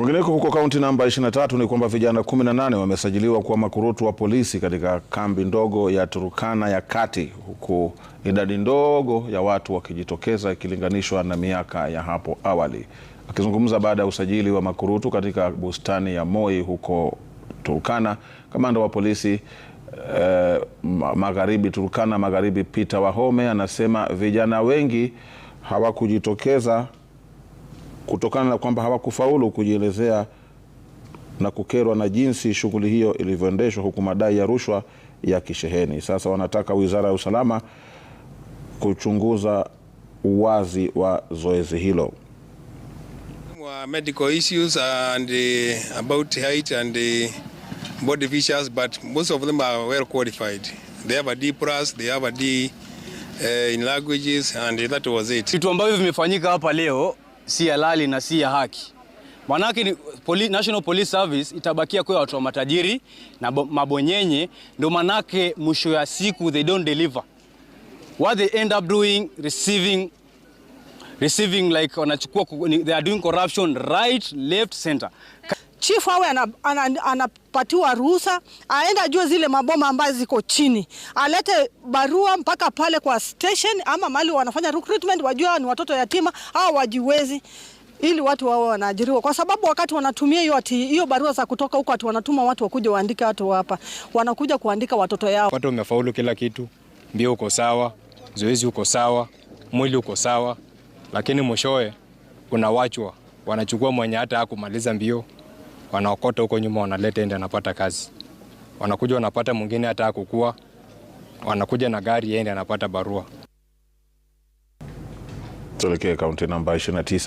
Kwingineko huko kaunti namba 23 ni kwamba vijana 18 wamesajiliwa kuwa makurutu wa polisi katika kambi ndogo ya turukana ya Kati, huku idadi ndogo ya watu wakijitokeza ikilinganishwa na miaka ya hapo awali. Akizungumza baada ya usajili wa makurutu katika bustani ya Moi huko turukana kamanda wa polisi eh, magharibi Turkana magharibi Peter Wahome anasema vijana wengi hawakujitokeza kutokana na kwamba hawakufaulu kujielezea na kukerwa na jinsi shughuli hiyo ilivyoendeshwa, huku madai ya rushwa ya kisheheni. Sasa wanataka Wizara ya Usalama kuchunguza uwazi wa zoezi hilo. medical issues and uh, about height and uh, body features but most of them are well qualified they have a D plus they have a D uh, in languages and that was it vitu ambavyo vimefanyika hapa leo si halali na si ya haki. Manake ni poli, National Police Service itabakia kwa watu wa matajiri na mabonyenye, ndio manake mwisho ya siku they don't deliver what they end up doing receiving receiving like wanachukua they are doing corruption right left center chifu awe anapatiwa ana, ana ruhusa aenda ajue zile maboma ambazo ziko chini, alete barua mpaka pale kwa station ama mali wanafanya recruitment, wajua ni watoto yatima au wajiwezi ili watu wao wanaajiriwa, kwa sababu wakati wanatumia hiyo ati hiyo barua za kutoka huko, ati wanatuma watu wakuja waandike watu hapa, wanakuja kuandika watoto yao. Watu wamefaulu kila kitu, mbio uko sawa, zoezi uko sawa, mwili uko sawa, lakini mwishowe unawachwa, wanachukua mwenye hata hakumaliza mbio wanaokota huko nyuma wanaleta ende anapata kazi, wanakuja wanapata mwingine hata kukua, wanakuja na gari ende anapata barua. Tuelekee kaunti namba 29.